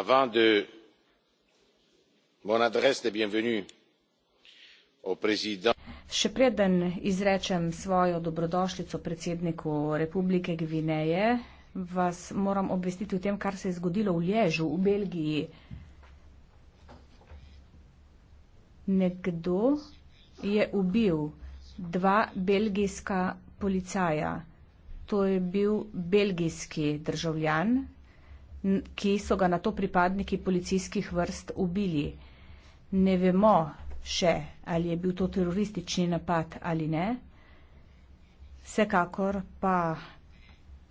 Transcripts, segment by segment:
avant mon adresse de bienvenue au président Še preden izrečem svojo dobrodošlico predsedniku Republike Gvineje, vas moram obvestiti o tem, kar se je zgodilo v Lježu v Belgiji. Nekdo je ubil dva belgijska policaja. To je bil belgijski državljan, ki so ga na to pripadniki policijskih vrst ubili. Ne vemo še, ali je bil to teroristični napad ali ne. Vsekakor pa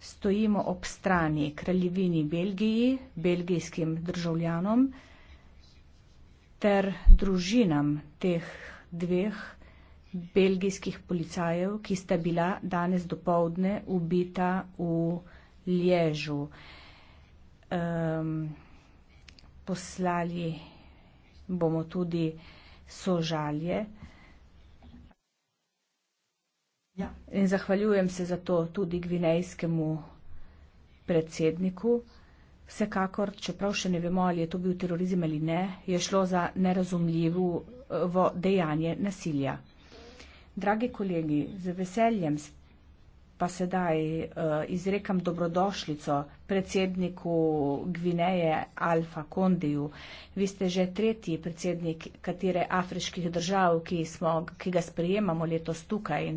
stojimo ob strani kraljevini Belgiji, belgijskim državljanom ter družinam teh dveh belgijskih policajev, ki sta bila danes dopoldne ubita v Ležu um, poslali bomo tudi sožalje. Ja. In zahvaljujem se za to tudi gvinejskemu predsedniku. Vsekakor, čeprav še ne vemo, ali je to bil terorizem ali ne, je šlo za nerazumljivo eh, dejanje nasilja. Dragi kolegi, z veseljem pa sedaj eh, izrekam dobrodošljico predsedniku Gvineje Alfa Kondiju. Vi ste že tretji predsednik katere afriških držav, ki, smo, ki ga sprejemamo letos tukaj.